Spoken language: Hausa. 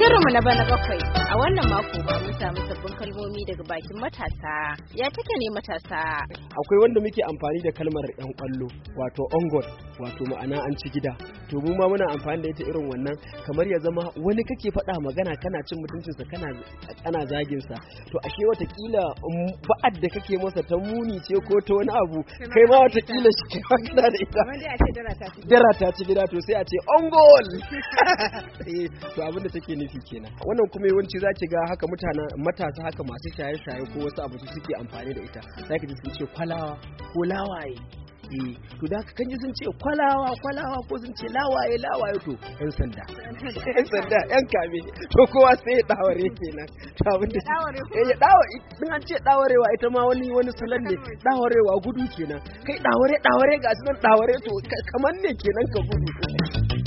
shirinmu na bana bakwai a wannan mako ba mu samu sabbin kalmomi daga bakin matasa ya take ne matasa akwai wanda muke amfani da kalmar yan kwallo wato ongon wato ma'ana an ci gida to mu ma muna amfani da ita irin wannan kamar ya zama wani kake faɗa magana kana cin mutuncinsa kana kana zagin sa to ashe watakila um, ba'ad da kake masa ta muni ce ko ta wani abu kai ma watakila shi kana da ita dara ta ci gida to sai a ce on goal eh, to abin da take nufi kenan wannan kuma yawanci za ki ga haka mutanen matasa haka masu shaye-shaye ko wasu abu suke amfani da ita za ki ji ce kwalawa ko lawaye eh to da haka kanji sun ce kwalawa kwalawa ko sun ce lawaye lawaye to yan sanda yan sanda yan kame to kowa sai ya daware kenan to abin da eh, ya dawa in an ce dawarewa ita ma wani wani salon ne dawarewa gudu kenan kai daware daware ga sunan daware to kamar ne kenan ka gudu